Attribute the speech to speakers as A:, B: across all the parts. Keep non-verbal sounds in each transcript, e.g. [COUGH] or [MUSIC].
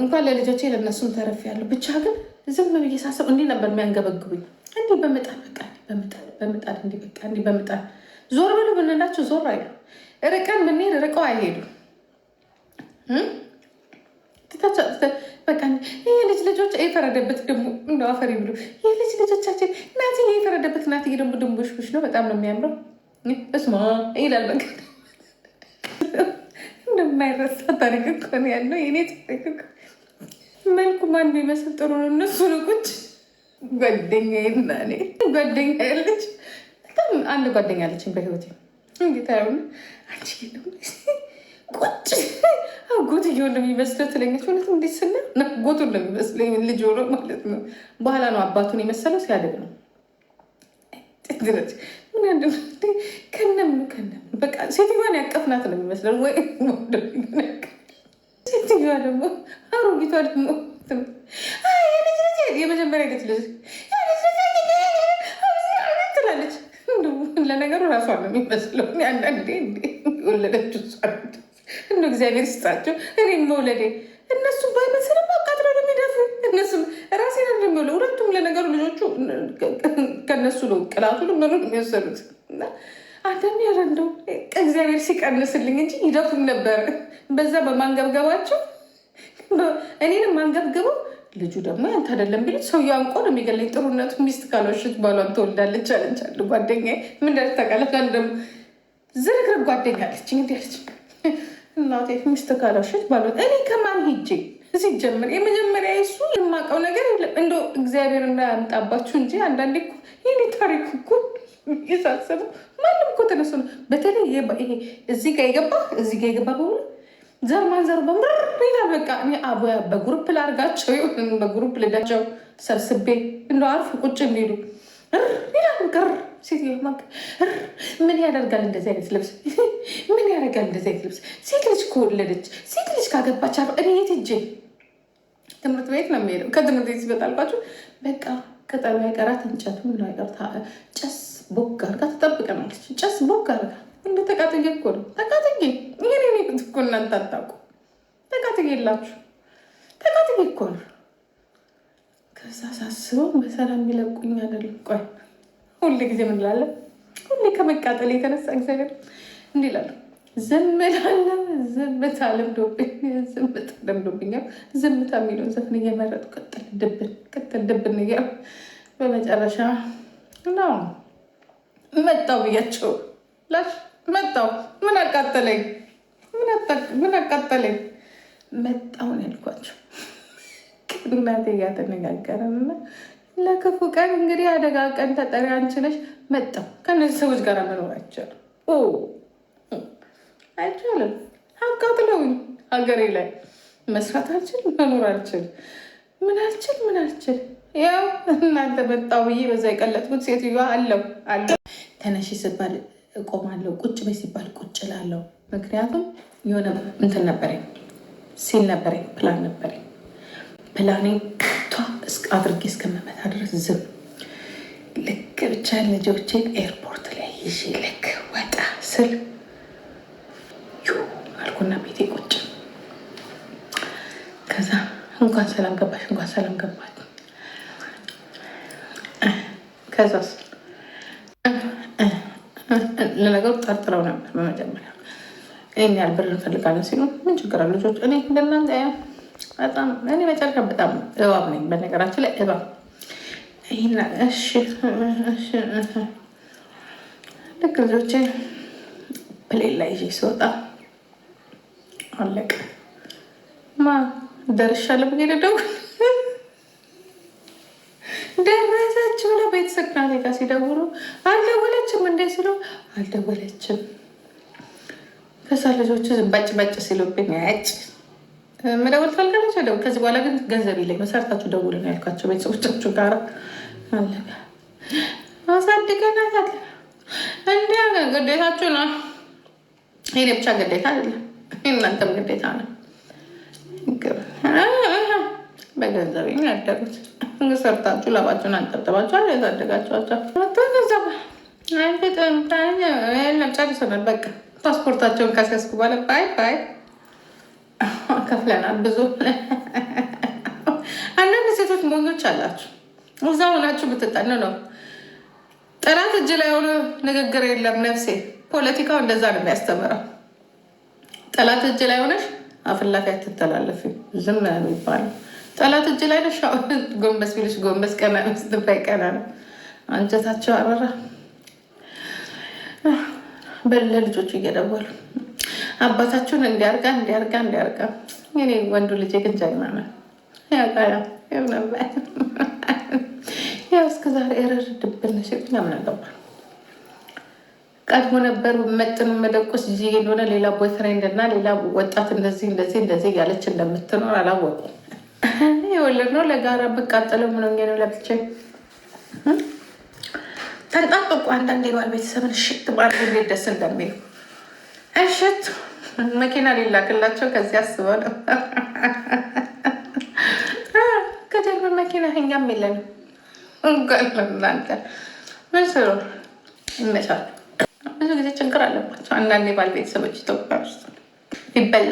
A: እንኳን ለልጆቼ ለእነሱም ተረፍ ያለው ብቻ ግን ዝም ብዬ ሳሰብ እንዲህ ነበር የሚያንገበግቡኝ። እንዲህ በምጣድ በቃ በምጣድ እንዲህ በቃ እንዲህ በምጣድ ዞር ብሎ ብንላቸው ዞር አይሉ፣ ርቀን ብንሄድ ርቀው አይሄዱ። በቃ ይህ ልጅ ልጆች የፈረደበት ደግሞ እንደ አፈሪ ብሎ ይህ ልጅ ልጆቻችን ናቲ የፈረደበት ናቲ ደግሞ ድንቦሽሽ ነው። በጣም ነው የሚያምረው። እስማ ይላል በቃ እንደማይረሳ ታሪክ እኮ ነው ያለው የኔ ታሪክ መልኩ ማን ቢመስል ጥሩ ነው። እነሱ ንቁች ጓደኛ ና ጓደኛ ያለች በጣም አንድ ጓደኛ ያለችን በህይወት እንጌታ ሆነ አንቺ ቁጭ ጎት እየሆን የሚመስለው ትለኛች። እውነትም እንዴት ስና ጎቱ እንደሚመስለኝ ልጅ ሆኖ ማለት ነው። በኋላ ነው አባቱን የመሰለው ሲያደግ ነው ከነምኑ ከነምኑ በቃ ሴትዮዋን ያቀፍናት ነው የሚመስለው ወይ ሴትዮዋ ደግሞ አሮጊቷ ደግሞ የመጀመሪያ ጌት ልጅ ትላለች። ለነገሩ ራሷ ነው የሚመስለው። አንዳንዴ ወለደችው እንደ እግዚአብሔር ስጣቸው። እኔን መውለዴ እነሱ ባይመስልም አቃጥሎ ነው የሚደፍ እነሱም ራሴ ነው የሚውለው። ሁለቱም ለነገሩ ልጆቹ ከነሱ ነው ቅላቱ ልመኑ የሚወሰዱት አንዳንድ ያረንደው እግዚአብሔር ሲቀንስልኝ እንጂ ይደፉም ነበር። በዛ በማንገብገባቸው እኔንም ማንገብገበው ልጁ ደግሞ ያንተ አይደለም ቢል ሰው ያንቆ ነው የሚገለኝ። ጥሩነቱ ሚስት ካልወሸት ባሏን ትወልዳለች አለች አንድ ጓደኛ። ምን እንዳለች ታውቃለች? አንድም ዝርግርግ ጓደኛ አለች። እንግዲህ አለች እናቴ ሚስት ካልወሸት ባሏን እኔ ከማን ሄጄ ሲጀምር የመጀመሪያ እሱ የማውቀው ነገር እንደ እግዚአብሔር እንዳያምጣባችሁ እንጂ አንዳንዴ ይህ ታሪክ እኮ የሳሰበው ማንም እኮ ተነሱ ነው። በተለይ እዚህ ጋ የገባ እዚህ ጋ የገባ በሙሉ ዘር ማንዘሩ በምር ይላል። በቃ በግሩፕ ላርጋቸው በግሩፕ ልዳቸው ሰብስቤ እንደ አርፍ ቁጭ እንዲሉ ይላል። ቅር ሴት ምን ያደርጋል እንደዚህ አይነት ልብስ ምን ያደርጋል እንደዚህ አይነት ልብስ ሴት ልጅ ከወለደች ሴት ልጅ ካገባች እኔ የት ሂጅ ትምህርት ቤት ነው የሚሄደው። ከትምህርት ቤት ሲመጣ በቃ ከጠሉ አይቀራት እንጨቱ ምን ይቀር ጨስ ቦግ አርጋ ትጠብቀናለች። ጨስ ቦግ አርጋ እንደ ተቃጥጌ እኮ ነው ተቃጥጌ። ይህን ሚት እኮ እናንተ አታውቁ ተቃጥጌ የላችሁ ተቃጥጌ እኮ ነው። ከዛ ሳስበው በሰላም የሚለቁኝ አይደለም። ቆይ ሁሌ ጊዜ ምንላለን? ሁሌ ከመቃጠል የተነሳ እግዚአብሔር እንዲህ እላለሁ ዝምላለም ዝምታ ለምዶብኛል። ዝምታ ዝምታ የሚለውን ዘፍን እየመረጡ ቅጥል ድብን ቅጥል ድብን በመጨረሻ ነው መጣው ብያቸው ላሽ መጣው ምን አቃጠለኝ ምን አቃጠለኝ መጣውን ያልኳቸው ቅናቴ ለክፉ ቀን እንግዲህ አደጋ ቀን ተጠሪ አንችለሽ መጣው ከነዚህ ሰዎች ጋር መኖራቸው አይቻልም። አቃጥለውኝ ሀገሬ ላይ መስራት አልችል፣ መኖር አልችል፣ ምን አልችል፣ ምን አልችል። ያው እናንተ በጣው ብዬ በዛ የቀለጥኩት ሴትዮዋ አለው አለው። ተነሺ ሲባል እቆማለሁ፣ ቁጭ በይ ሲባል ቁጭ እላለሁ። ምክንያቱም የሆነ እንትን ነበረኝ ሲል ነበረኝ፣ ፕላን ነበረኝ። ፕላኔ ቷ አድርጌ እስከመመታ ድረስ ዝም ልክ ብቻ ልጆቼን ኤርፖርት ላይ ይዤ ልክ ወጣ ስል ቡና ቤቴ ቁጭ ከዛ እንኳን ሰላም ገባሽ፣ እንኳን ሰላም ገባች። ከዛስ ለነገሩ ጠርጥረው ነበር በመጀመሪያ ይህን ያህል ብር እንፈልጋለን ሲሉ ምን ችግር አለ ልጆች፣ እኔ እንደናንተ በጣም እኔ መጨረሻ በጣም እባብ ነኝ። በነገራችን ላይ እባብ ልክ ልጆቼ ፕሌን ላይ ይዤ ስወጣ አለቀ። ማ ደርሻለሁ ብዬ ልደውል ደረሰች ብለው ቤተሰብ ናቴጋ ሲደውሉ አልደወለችም እንዴ ሲሉ አልደወለችም። ከዛ ልጆቹ በጭ በጭ ሲሉብኝ ያጭ መደወል ታልገለች ደው ከዚህ በኋላ ግን ገንዘብ የለኝም ሰርታችሁ ደውል ነው ያልኳቸው ቤተሰቦቻችሁ ጋር አለቀ። አሳድገናታል እንዲ ግዴታችሁ ነው። ይሄ ብቻ ግዴታ አይደለም። የእናንተም ግዴታ ነው። በገንዘብ ያደጉት ሰርታችሁ ላባችሁን አንጠብጥባችኋል። ያሳደጋችኋቸውለም ጨርሰናል። በቃ ፓስፖርታቸውን ካስያዝኩ በኋላ ባይ ባይ ከፍለናል። ብዙ አንዳንድ ሴቶች ሞኞች አላችሁ። እዛ ሆናችሁ ብትጠኑ ነው ጥራት እጅ ላይ ሆኖ ንግግር የለም። ነፍሴ ፖለቲካው እንደዛ ነው የሚያስተምረው። ጠላት እጅ ላይ ሆነሽ አፍላፊ አትተላለፊ። ዝም ነው የሚባለው። ጠላት እጅ ላይ ነሽ። ጎንበስ ቢልሽ ጎንበስ፣ ቀና ስትባይ ቀና ነው። አንጀታቸው አረራ። በለ ለልጆቹ እየደወሉ አባታችሁን እንዲያርጋ እንዲያርጋ እንዲያርጋ። እኔ ወንዱ ልጅ ግን ጀግና ነው። ያው እስከ ዛሬ ረር ድብል ነሽ ግን ቀድሞ ነበር መጥን መደቁስ እ እንደሆነ ሌላ ቦይፍሬንድ እና ሌላ ወጣት እንደዚህ እንደዚህ እንደዚህ እያለች እንደምትኖር አላወቁም። የወለድ ነው ለጋራ ብቃጠለ ምነው ነው ለብቼ ተንጣጥቁ። አንዳንዴ ባል ቤተሰብን ሽት ማር እንዴት ደስ እንደሚል እሽት መኪና ሊላክላቸው ከዚህ አስበ ነው ከደርብ መኪና እኛም የለንም። እንጓለን እናንተ ምን ስሩ ይመቻል። ብዙ ጊዜ ችግር አለባቸው። አንዳንድ የባል ቤተሰቦች ኢትዮጵያ ውስጥ ሊበላ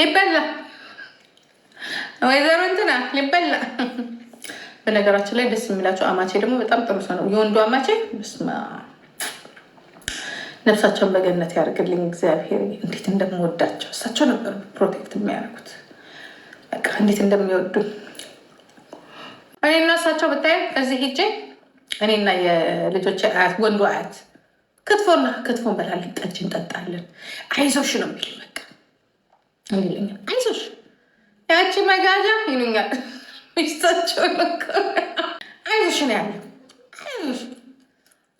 A: ሊበላ ወይዘሮ እንትና ሊበላ። በነገራችን ላይ ደስ የሚላቸው አማቼ ደግሞ በጣም ጥሩ ሰው ነው። የወንዱ አማቼ ስማ ነፍሳቸውን በገነት ያደርግልኝ እግዚአብሔር። እንዴት እንደምወዳቸው እሳቸው ነበር ፕሮቴክት የሚያደርጉት። በቃ እንዴት እንደሚወዱ እኔ እና እሳቸው ብታይ እዚህ ሄጄ እኔና የልጆች አያት ወንዱ አያት ክትፎና ክትፎ እንበላለን፣ ጠጅ እንጠጣለን። አይዞሽ ነው የሚል በቃ እንግኛ አይዞሽ ያቺ መጋዣ ይሉኛል ሚስታቸው አይዞሽ ነው ያለ።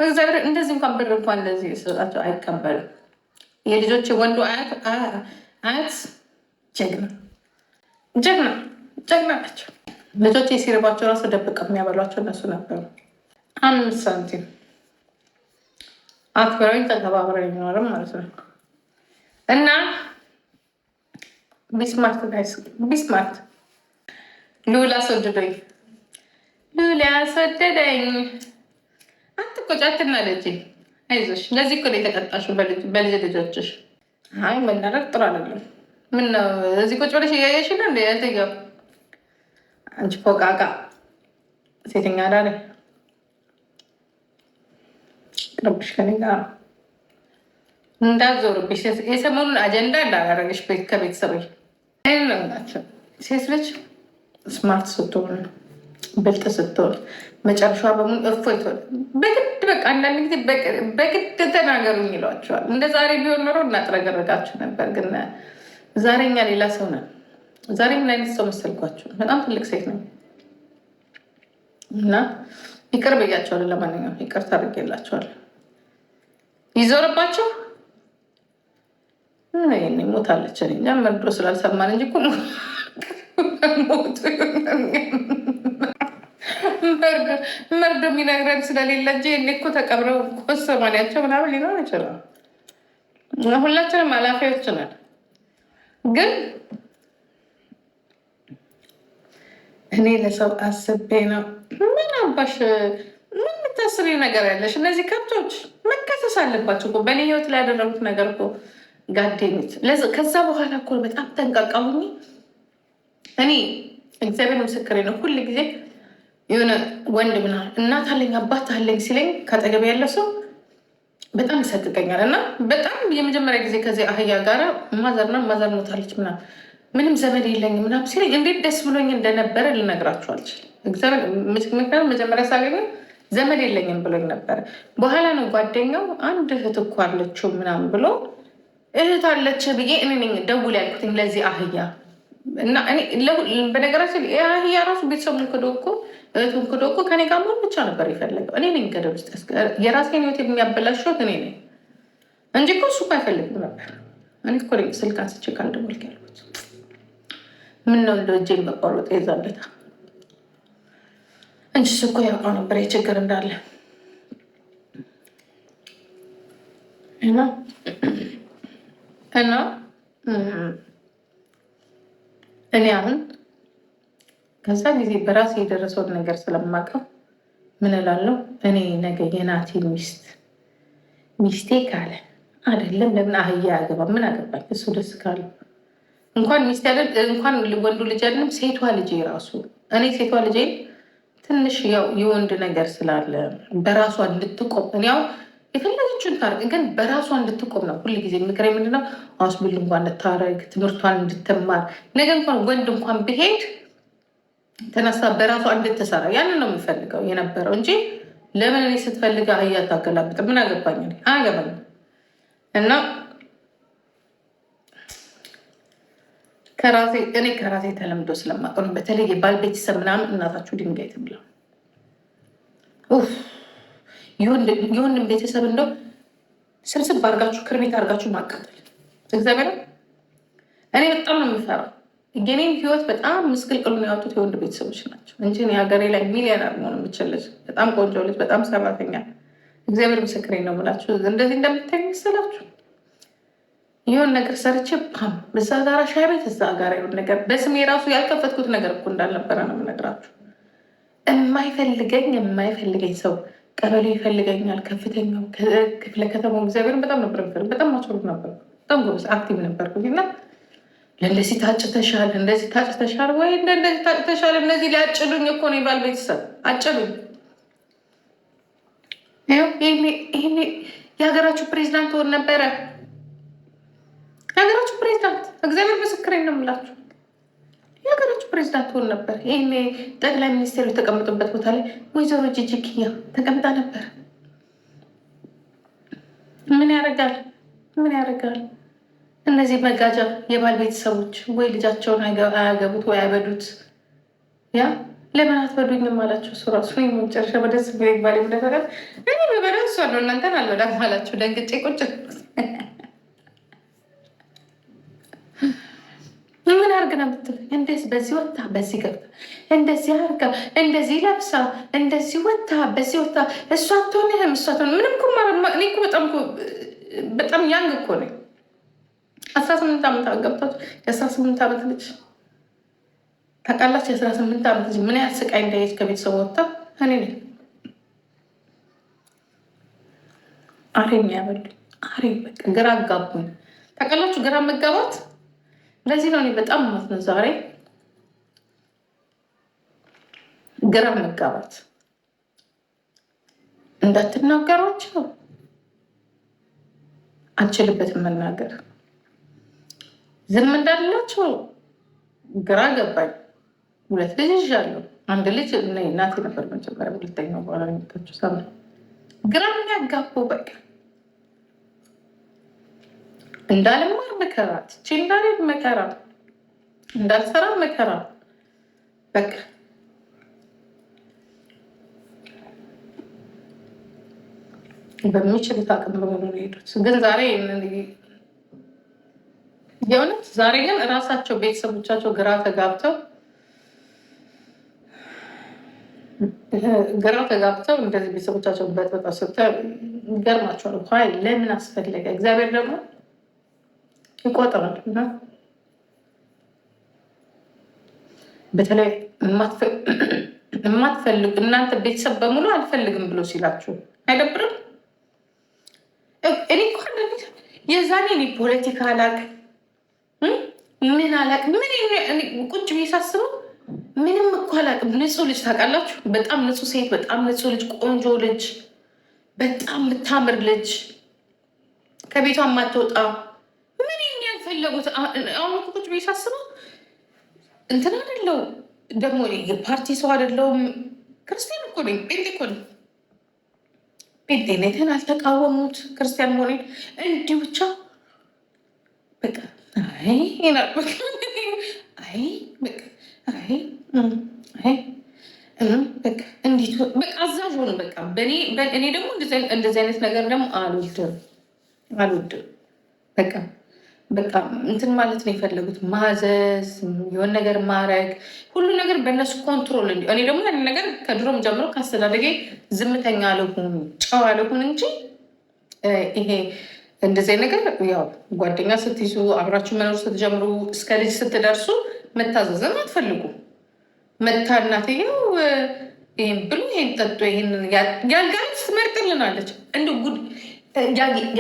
A: እግዚአብሔር እንደዚህ እንኳን ብር እንኳን እንደዚህ ሰጣቸው አይቀበልም። የልጆች ወንዱ አያት አያት ጀግና ጀግና ጀግና ናቸው። ልጆች የሲርባቸው ራሱ ደብቀው የሚያበሏቸው እነሱ ነበሩ። አምስት ሳንቲም አክብረኝ ተከባብረን የሚኖርም ማለት ነው እና ቢስማርት ጋይስ ቢስማርት ሉላ አስወደደኝ፣ ሉላ አስወደደኝ። አትቆጪ፣ አትናደጂ፣ አይዞሽ። ለዚህ እኮ ነው የተቀጣሽው በልጅ ልጆችሽ። አይ መናደድ ጥሩ አይደለም። ምነው እዚህ ቁጭ ብለሽ እያየሽ ነው እንደ ያልተኛው አንቺ ፎቃቃ ሴተኛ ዳኔ ይቅርብሽ ከኔ ጋር እንዳዞርብሽ የሰሞኑን አጀንዳ እንዳላረግሽ ከቤተሰቦች ናቸው። ሴት ልጅ ስማርት ስትሆን ብልጥ ስትሆን መጨረሻ በሙሉ እፎይ ትሆን። በግድ በቃ አንዳንድ ጊዜ በግድ ተናገሩኝ ይሏቸዋል። እንደ ዛሬ ቢሆን ኖሮ እናጥረገረጋችሁ ነበር፣ ግን ዛሬ እኛ ሌላ ሰው ነን። ዛሬ ምን አይነት ሰው መሰልኳችሁ? በጣም ትልቅ ሴት ነው እና ይቅር ብያቸዋለሁ። ለማንኛውም ይቅር ታደርግ ይዞርባቸው ሞታለች። እኛ መርዶ ስላልሰማን እንጂ ሞቱ መርዶ የሚነግረን ስለሌለ እንጂ እኔ እኮ ተቀብረው ሰማንያቸው ምናምን ሊኖር ይችላል። ሁላችንም አላፊዎች ነን፣ ግን እኔ ለሰው አስቤ ነው ምን አባሽ የምታስሬ ነገር ያለሽ እነዚህ ከብቶች መከሰስ አለባቸው። በእኔ ህይወት ላይ ያደረጉት ነገር እኮ ከዛ በኋላ እኮ በጣም ጠንቃቃ እኔ እግዚአብሔር ምስክሬ ነው። ሁል ጊዜ የሆነ ወንድ ምና እናት አለኝ አባት አለኝ ሲለኝ ከጠገብ ያለ ሰው በጣም ይሰቅቀኛል። እና በጣም የመጀመሪያ ጊዜ ከዚህ አህያ ጋር ማዘርና ማዘር ሞታለች ምና ምንም ዘመድ የለኝ ምናምን ሲለኝ እንዴት ደስ ብሎኝ እንደነበረ ልነግራችሁ አልችልም። ምክንያቱም መጀመሪያ ሳገኘ ዘመድ የለኝም ብሎኝ ነበር። በኋላ ነው ጓደኛው አንድ እህት እኮ አለችው ምናምን ብሎ እህት አለች ብዬ እኔ ደውል ያልኩትኝ ለዚህ አህያ እና በነገራችን አህያ ራሱ ቤተሰቡን ክዶ እኮ እህቱን ክዶ እኮ ከኔ ጋር መሆን ብቻ ነበር የፈለገው። እኔ ነኝ ገደል ውስጥ የራሴን ህይወት የሚያበላሸት እኔ ነኝ እንጂ እኮ እሱ እኮ አይፈልግም ነበር። እኔ እኮ ስልክ አንስቼ ካልደወልክ ያልኩት ምን ነው እንደው እጄን በቆረጥ ይዛለታል እንጂ እኮ ያውቀው ነበር የችግር እንዳለ እና እና እኔ አሁን ከዛ ጊዜ በራሴ የደረሰውን ነገር ስለማውቀው ምን እላለሁ? እኔ ነገ የናቲ ሚስት ሚስቴ ካለ አይደለም ለምን አህያ አገባ? ምን አገባኝ? እሱ ደስ ካለ እንኳን ሚስት እንኳን ወንዱ ልጅ አይደለም ሴቷ ልጄ ራሱ እኔ ሴቷ ልጄ ትንሽ ያው የወንድ ነገር ስላለ በራሷ እንድትቆም ያው የፈለገችውን ታርቅ፣ ግን በራሷ እንድትቆም ነው ሁል ጊዜ ምክር የምንለው። አስብል እንኳን እንድታረግ ትምህርቷን እንድትማር ነገ እንኳን ወንድ እንኳን ብሄድ ተነሳ በራሷ እንድትሰራ ያንን ነው የምፈልገው የነበረው እንጂ ለምን እኔ ስትፈልገ አህያ ታገላብጥ ምን አገባኝ አገባኝ እና ከራሴ እኔ ከራሴ ተለምዶ ስለማቀኑ በተለይ የባል ቤተሰብ ምናምን እናታችሁ ድንጋይ ትብላ። የወንድም ቤተሰብ እንደው ስብስብ አድርጋችሁ ክርቢት አድርጋችሁ ማቃጠል እግዚአብሔር እኔ በጣም ነው የምፈራው። የኔም ህይወት በጣም ምስቅልቅሉን ያወጡት የወንድ ቤተሰቦች ናቸው እንጂ የሀገሬ ላይ ሚሊዮነር መሆን የምችል ልጅ፣ በጣም ቆንጆ ልጅ፣ በጣም ሰራተኛ እግዚአብሔር ምስክሬ ነው የምላችሁ እንደዚህ እንደምታይ መሰላችሁ የሆን ነገር ሰርቼ ፓም እዛ ጋራ ሻይ ቤት እዛ ጋራ የሆን ነገር በስሜ ራሱ ያልከፈትኩት ነገር እኮ እንዳልነበረ ነው የምነግራችሁ። የማይፈልገኝ የማይፈልገኝ ሰው ቀበሌ ይፈልገኛል። ከፍተኛው ክፍለ ከተማው እግዚአብሔርን በጣም ነበር ምክር በጣም ማስሩት ነበር። በጣም ጎበዝ አክቲቭ ነበርኩኝ እና ለእንደዚህ ታጭተሻል፣ እንደዚህ ታጭተሻል ወይ እንደዚህ ታጭተሻል። እነዚህ ሊያጭሉኝ እኮ ነው ይባል ቤተሰብ አጭዱኝ። ይሄኔ የሀገራችሁ ፕሬዚዳንት ሆን ነበረ የሀገራችሁ ፕሬዚዳንት እግዚአብሔር ምስክሬ ነው የምላችሁ የሀገራችሁ ፕሬዚዳንት ሆን ነበር። ይህ ጠቅላይ ሚኒስቴሩ የተቀመጡበት ቦታ ላይ ወይዘሮ ጂጂ ተቀምጣ ነበር። ምን ያደርጋል? ምን ያደርጋል? እነዚህ መጋጃ የባል ቤተሰቦች ወይ ልጃቸውን አያገቡት ወይ አይበዱት። ያ ለምን አትበዱኝም አላቸው። እሱ እራሱ መጨረሻ በደስ ባል ነገር እኔ በበደ እሷ ነው እናንተን አልበዳት አላቸው። ደንግጬ ቁጭ ምን አርግና ምትል እንደዚህ በዚህ ወታ በዚህ ገብታ እንደዚህ አርጋ እንደዚህ ለብሳ እንደዚህ ወታ በዚህ ወታ እሷ ትሆን ትሆንህም እሷ ትሆን ምንም እኔ እኮ በጣም በጣም ያንግ እኮ ነኝ። አስራ ስምንት ዓመት ገብታች የአስራ ስምንት ዓመት ልጅ ታውቃላች። የአስራ ስምንት ዓመት ልጅ ምን ያህል ስቃይ እንዳየች ከቤተሰብ ወጥታ እኔ ነኝ አሬ የሚያበሉ አሬ በቃ ግራ አጋቡኝ። ታውቃላችሁ ግራ መጋባት ለዚህ ነው እኔ በጣም ማለት ነው ዛሬ ግራ መጋባት እንዳትናገሯቸው አንችልበት መናገር ዝም እንዳላቸው ግራ ገባኝ። ሁለት ልጅ ይዣለሁ። አንድ ልጅ እናቴ ነበር መጀመሪያ፣ ሁለተኛው በኋላ ግራ የሚያጋቡ በቃ እንዳልማር መከራ፣ ትቼ እንዳልሄድ መከራ፣ እንዳልሰራ መከራ። በቃ በሚችል አቅም በሙሉ ነው የሄዱት። ግን ዛሬ የእውነት ዛሬ ግን እራሳቸው ቤተሰቦቻቸው ግራ ተጋብተው ግራ ተጋብተው እንደዚህ ቤተሰቦቻቸው በጥበጣ ስታ ይገርማቸዋል። ለምን አስፈለገ? እግዚአብሔር ደግሞ ይቆጥራል እና በተለይ የማትፈልግ እናንተ ቤተሰብ በሙሉ አልፈልግም ብሎ ሲላችሁ አይደብርም? እኔ እኮ የዛኔ እኔ ፖለቲካ አላቅ ምን አላቅ ምን ቁጭ ብዬ ምንም እኮ አላቅም። ንጹህ ልጅ ታውቃላችሁ፣ በጣም ንጹህ ሴት፣ በጣም ንጹህ ልጅ፣ ቆንጆ ልጅ፣ በጣም የምታምር ልጅ ከቤቷ የማትወጣ ፈለጉት። አሁን ቁጭ ብዬ ሳስበው እንትን አደለው ደግሞ የፓርቲ ሰው አደለውም። ክርስቲያን እኮ ነኝ፣ ጴንጤ እኮ ነኝ። ጴንጤነትን አልተቃወሙት ክርስቲያን መሆኔ እንዲህ ብቻ በቃ አይ አዛዥ ሆኑ። በቃ በእኔ ደግሞ እንደዚህ አይነት ነገር ደግሞ አልወድም አልወድም በቃ በቃ እንትን ማለት ነው የፈለጉት ማዘዝ፣ የሆን ነገር ማረግ፣ ሁሉ ነገር በእነሱ ኮንትሮል እንዲ እኔ ደግሞ ያን ነገር ከድሮም ጀምሮ ከአስተዳደጌ ዝምተኛ አልሆን ጨዋ አልሁን እንጂ ይሄ እንደዚህ ነገር ያው ጓደኛ ስትይዙ አብራችሁ መኖር ስትጀምሩ እስከ ልጅ ስትደርሱ መታዘዝን አትፈልጉ። መታ እናትየው ይህን ብሎ ይህን ጠጡ ይህን ያልጋ ልብስ ትመርጥልናለች። እንደ ጉድ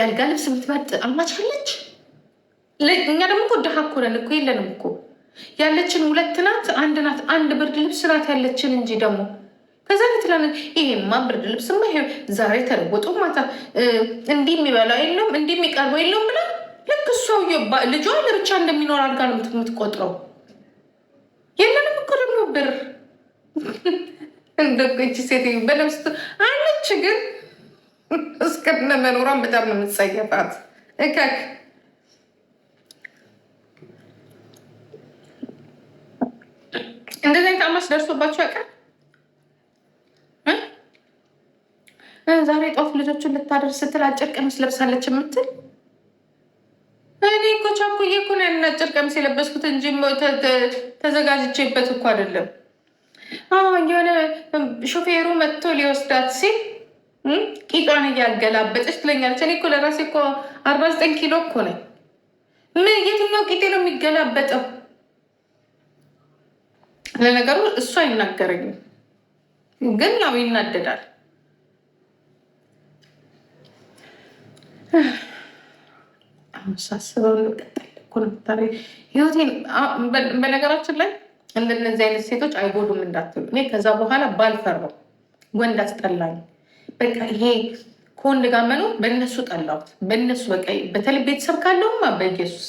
A: ያልጋ ልብስ የምትመርጥ አልማች አለች። እኛ ደግሞ እኮ ድሃ እኮ ነን እኮ የለንም እኮ ያለችን ሁለት ናት፣ አንድ ናት፣ አንድ ብርድ ልብስ ናት ያለችን እንጂ ደግሞ ከዛ ትላለ ይሄማ ብርድ ልብስማ ይሄ ዛሬ ተለወጡ ማታ እንዲህ የሚበላ የለም እንዲህ የሚቀርበ የለም ብላ ልክ እሷው ልጇ ለብቻ እንደሚኖር አድጋ ነው የምትቆጥረው። የለንም እኮ ደግሞ ብር እንደቺ ሴት በለብስ አለች፣ ግን እስከነ መኖሯን በጣም ነው የምትጸየፋት እከክ ራስ ደርሶባቸው ያውቃል። ዛሬ ጠዋት ልጆቹን ልታደርስ ስትል አጭር ቀሚስ ለብሳለች የምትል እኔ እኮ ቻኩዬ እኮ ነው ያንን አጭር ቀሚስ የለበስኩት እንጂ ተዘጋጅቼበት እኮ አይደለም። የሆነ ሾፌሩ መጥቶ ሊወስዳት ሲል ቂጧን እያገላበጠች ትለኛለች። እኔ እኮ ለራሴ እኮ አርባ ዘጠኝ ኪሎ እኮ ነኝ። ምን የትኛው ቂጤ ነው የሚገላበጠው? ለነገሩ እሱ አይናገረኝም፣ ግን ያው ይናደዳል። ሳስበው በነገራችን ላይ እንደነዚህ አይነት ሴቶች አይጎዱም እንዳትሉ። እኔ ከዛ በኋላ ባልፈራው ወንድ አስጠላኝ። በቃ ይሄ ከወንድ ጋር መኖር በእነሱ ጠላሁት፣ በእነሱ በቃ በተለይ ቤተሰብ ካለውማ በኢየሱስ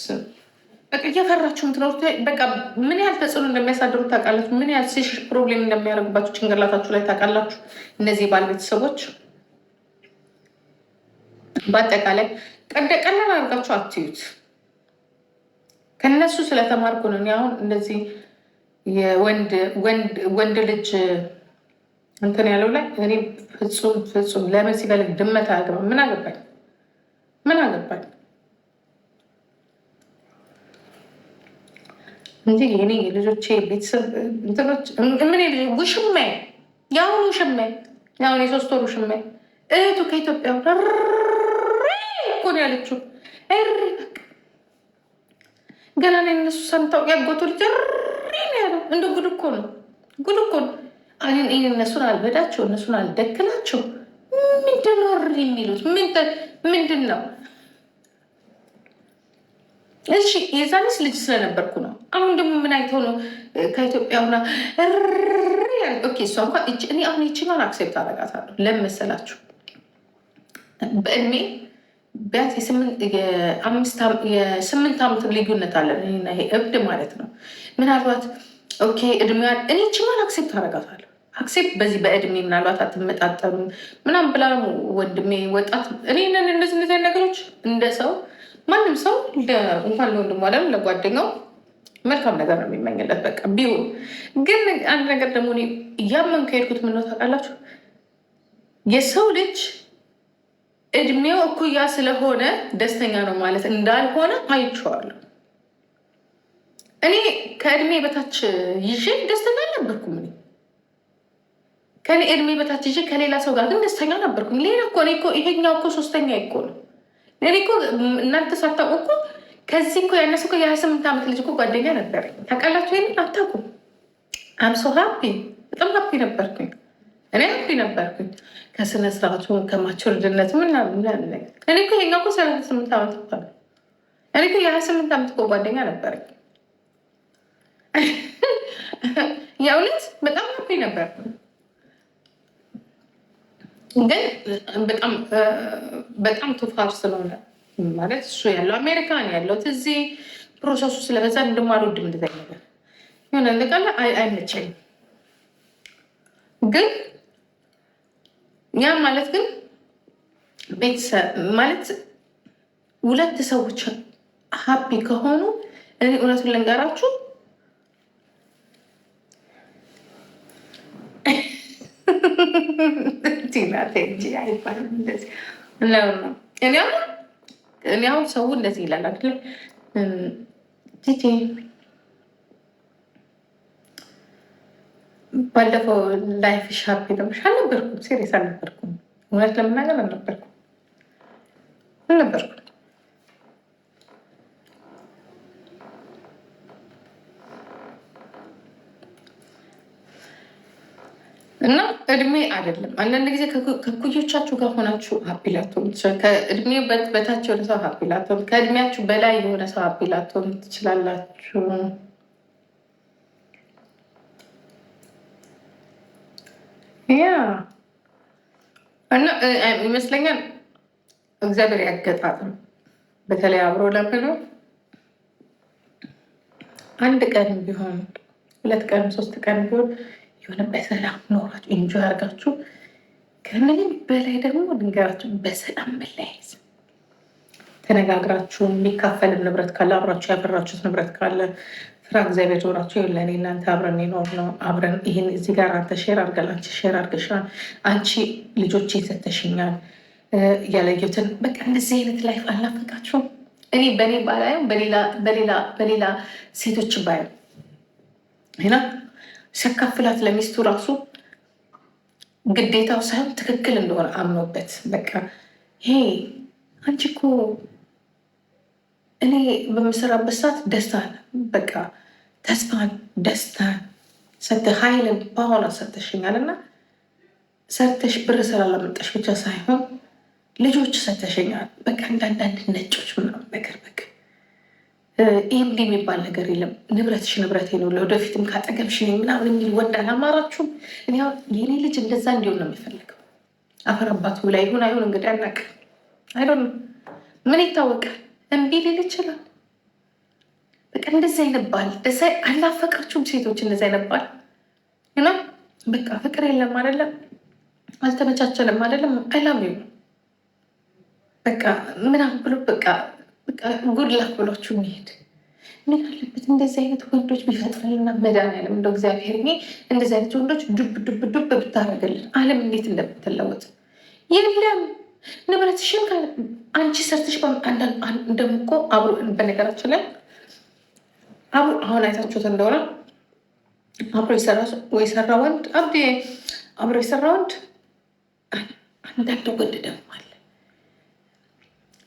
A: በቃ እያፈራችሁ ምትኖሩት በቃ ምን ያህል ተጽዕኖ እንደሚያሳድሩት ታውቃላችሁ። ምን ያህል ሴሽ ፕሮብሌም እንደሚያደርጉባችሁ ጭንቅላታችሁ ላይ ታውቃላችሁ። እነዚህ ባል ቤተሰቦች በአጠቃላይ ቀለል አድርጋችሁ አትዩት። ከነሱ ስለተማርኩ ነው እኔ አሁን እንደዚህ ወንድ ልጅ እንትን ያለው ላይ እኔ ፍጹም ፍጹም ለምን ሲበልግ ድመት አያገባም። ምን አገባኝ ምን አገባኝ እንጂ የኔ የልጆቼ ቤተሰብ ምን ልጅ ውሽሜ የአሁኑ ውሽሜ የአሁን የሶስት ወር ውሽሜ እህቱ ከኢትዮጵያ እኮ ነው ያለችው። ገና ላይ እነሱ ሰምተው ያጎቱ ልጅ ያለው። እንደ ጉድ እኮ ነው፣ ጉድ እኮ ነው። እነሱን አልበዳቸው፣ እነሱን አልደክላቸው። ምንድን ነው የሚሉት? ምንድን ነው? እሺ የዛንስ ልጅ ስለነበርኩ ነው አሁን ደግሞ ምን አይተው ነው ከኢትዮጵያ ሁና እሷ እንኳ እኔ አሁን ይችኛን አክሴፕት አደርጋታለሁ። ለምን መሰላችሁ? በእድሜ ቢያት የስምንት ዓመት ልዩነት አለን እኔና ይሄ እብድ ማለት ነው። ምናልባት ኦኬ እድሜዋን እኔ ይችኛን አክሴፕት አደርጋታለሁ። አክሴፕት በዚህ በእድሜ ምናልባት አትመጣጠኑም ምናምን ብላ ወንድሜ ወጣት እኔንን እንደዚህ እንደዚህ ነገሮች እንደ ሰው ማንም ሰው እንኳን ለወንድሙ አለም ለጓደኛው መልካም ነገር ነው የሚመኝለት። በቃ ቢሆን ግን አንድ ነገር ደግሞ እኔ እያመን ከሄድኩት ምነው ታውቃላችሁ፣ የሰው ልጅ እድሜው እኩያ ስለሆነ ደስተኛ ነው ማለት እንዳልሆነ አይቼዋለሁ። እኔ ከእድሜ በታች ይዤ ደስተኛ አልነበርኩም። እኔ ከኔ እድሜ በታች ይዤ ከሌላ ሰው ጋር ግን ደስተኛ ነበርኩኝ። ሌላ እኮ ይሄኛው እኮ ሶስተኛ እኮ ነው። እኔ እኮ እናንተ ሳታውቁ እኮ ከዚህ እኮ ያነሱ እኮ የሀያ ስምንት ዓመት ልጅ እኮ ጓደኛ ነበር። ታውቃላችሁ ይሄንን አታውቁም። አምሶ ሀፒ በጣም ሀፒ ነበርኩኝ እኔ ሀፒ ነበርኩኝ። ከስነ ስርዓቱ ከማቸርድነት እኔ እኮ ይሄኛው እኮ ሰላሳ ስምንት ዓመት ይባላል። እኔ እኮ የሀያ ስምንት ዓመት እኮ ጓደኛ ነበረኝ። [LAUGHS] የእውነት በጣም ሀፒ ነበርኩኝ። ግን በጣም በጣም ቱፋር ስለሆነ ማለት እሱ ያለው አሜሪካን ያለሁት እዚህ ፕሮሰሱ ስለበዛ እንድማሩ አልወድም እንደዚያ ነገር እንደቃለ አይመቸኝም። ግን ያ ማለት ግን ቤተሰብ ማለት ሁለት ሰዎች ሀፒ ከሆኑ እኔ እውነቱን ልንገራችሁ [LAUGHS] ቲናቴ እንጂ አይባልም እንደዚህ ነው እኔ አሁን እኔ አሁን ሰው እንደዚህ ይላል አለ ቲቲ ባለፈው ላይፍ ሻፕ ደሞሽ አልነበርኩም። ሴሪየስ አልነበርኩም። እውነት ለመናገር አልነበርኩም አልነበርኩም እና እድሜ አይደለም። አንዳንድ ጊዜ ከኩዮቻችሁ ጋር ሆናችሁ ሀፒላቶም ላትሆኑ ከእድሜ በታች የሆነ ሰው ሀፒላቶም ከእድሜያችሁ በላይ የሆነ ሰው ሀፒላቶም ትችላላችሁ። ያ እና ይመስለኛል እግዚአብሔር ያገጣጥም። በተለይ አብሮ ለምነው አንድ ቀን ቢሆን ሁለት ቀን ሶስት ቀን ቢሆን የሆነ በሰላም ኖራችሁ እንጆ ያርጋችሁ። ከምንም በላይ ደግሞ ድንገራችሁ በሰላም መለያየት ተነጋግራችሁ የሚካፈልም ንብረት ካለ አብራችሁ ያፈራችሁት ንብረት ካለ ፍራ እግዚአብሔር ኖራችሁ የለን እናንተ አብረን የኖር ነው አብረን ይህን እዚህ ጋር አንተ ሼር አርገል አንቺ ሼር አርገሻል አንቺ ልጆች የሰተሽኛል ያለየትን በቃ እንደዚህ አይነት ላይፍ አላፈቃችሁም። እኔ በእኔ ባላየም በሌላ ሴቶች ባየ ሲያካፍላት ለሚስቱ ራሱ ግዴታው ሳይሆን ትክክል እንደሆነ አምኖበት በቃ ይሄ አንቺ እኮ እኔ በምሰራበት ሰዓት ደስታን በቃ ተስፋን ደስታን ሰተ ኃይልን በሆነ ሰተሽኛል እና ሰርተሽ ብር ስላለመጣሽ ብቻ ሳይሆን ልጆች ሰተሽኛል። በቃ እንዳንዳንድ ነጮች ምናምን ነገር በቃ ኤምዲ የሚባል ነገር የለም። ንብረትሽ ንብረቴ ነው፣ ለወደፊትም ካጠገብሽ ነኝ ምናምን የሚል ወንድ አላማራችሁም። እኔ አሁን የኔ ልጅ እንደዛ እንዲሆን ነው የምፈልገው። አፈር አባቱ ላይ ይሁን አይሁን እንግዲህ አናውቅም። አይ ምን ይታወቃል? እምቢ ሊል ይችላል። በቃ እንደዛ ይነባል። እዛ አላፈቃችሁም? ሴቶች እንደዛ ይነባል። እና በቃ ፍቅር የለም አይደለም፣ አልተመቻቸልም አይደለም፣ አይላም በቃ ምናምን ብሎ በቃ ጉድላክ ብሏችሁ እንሄድ ምን አለበት? እንደዚህ አይነት ወንዶች ቢፈጥርልና መድኃኒዓለም እንደው እግዚአብሔር እኔ እንደዚህ አይነት ወንዶች ዱብ ዱብ ዱብ ብታደርግልን ዓለም እንዴት እንደምትለወጥ የለም። ንብረትሽን አንቺ ሰርተሽ እንደውም እኮ አብሮ በነገራችን ላይ አብሮ አሁን አይታችሁት እንደሆነ አብሮ የሰራ ወንድ አብሮ የሰራ ወንድ አንዳንድ ወንድ ደግሞ አለ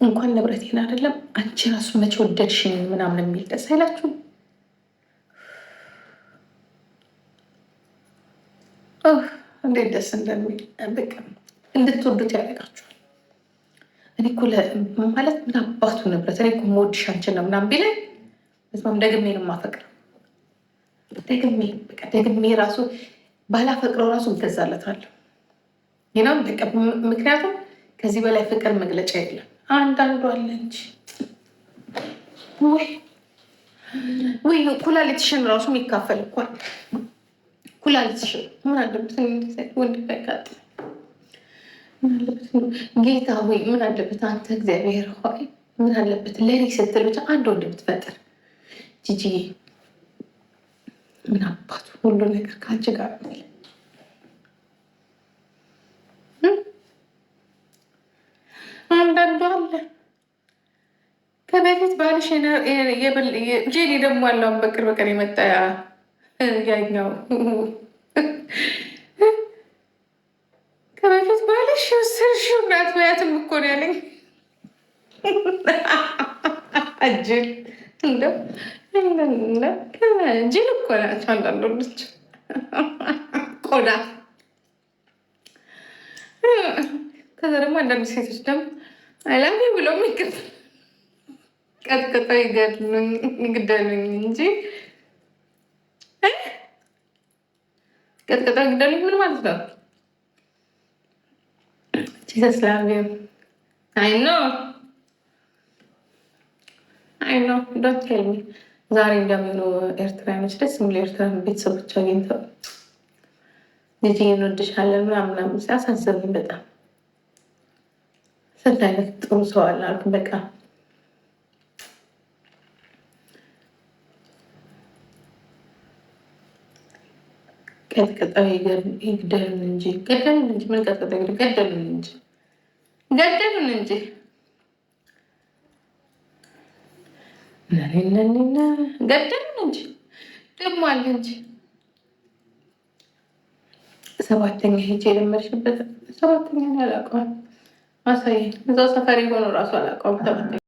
A: እንኳን ንብረቴን አይደለም አንቺ ራሱ መቼ ወደድሽኝ ምናምን የሚል ደስ አይላችሁ? እንዴት ደስ እንደሚል በቃ እንድትወዱት ያደርጋችኋል። እኔ እኮ ማለት ምን አባቱ ንብረት እኔ እኮ የምወድሽ አንቺን ነው ምናምን ቢለኝ በስመአብ ደግሜ ነው የማፈቅረው። ደግሜ በቃ ደግሜ ራሱ ባላፈቅረው ራሱ እገዛለታለሁ። ይናም በቃ ምክንያቱም ከዚህ በላይ ፍቅር መግለጫ የለም። አንዳንዱ አለ እንጂ ወይ ኩላሊትሽን ራሱ የሚካፈል እኳል ኩላሊትሽን ምን አለበት ወንድ ላይ ጌታ ወይ ምን አለበት አንተ እግዚአብሔር ሆይ ምን አለበት ለኔ ስትል ብቻ አንድ ወንድ ብትፈጥር ጂጂ ምን አባቱ ሁሉ ነገር ከአንቺ ጋር አንዳንዱ አለ ከበፊት ባልሽ ጄኒ ደግሞ ያለውን በቅርብ ቀን የመጣ ያኛው ከበፊት ባልሽ ስርሽው ናት በያትም እኮ ነው ያለኝ። ጅል ጅል እኮ ናቸው አንዳንዶች ቆዳ ከዛ ደግሞ አንዳንድ ሴቶች ደግሞ አይላም ብለው ቀጥቅጠው ይግደሉኝ እንጂ ቀጥቅጠው ይግደሉኝ ምን ማለት ነው? ስላቪ አይ ኖ አይ ኖ ዶንት ቴል ሚ ዛሬ እንደሚሉ ኤርትራኖች ደስ የሚሉ ኤርትራ ቤተሰቦች አግኝተው ልጅ እንወድሻለን ምናምን ምናምን ሲያሳዝኑኝ በጣም ስንት አይነት ጥሩ ሰው አለ በቃ ቀጥቀጠው ይግደሉን እንጂ ገደሉን እንጂ ምን ቀጥቀጠው ግ ገደሉን እንጂ ገደሉን እንጂ ነኔነኔና ገደሉን እንጂ ደግሞ አለ እንጂ ሰባተኛ ሄጄ የለመድሽበት ሰባተኛ ያላቀዋል አሳይ እዛው ሰፈር የሆኑ እራሱ አላውቀውም።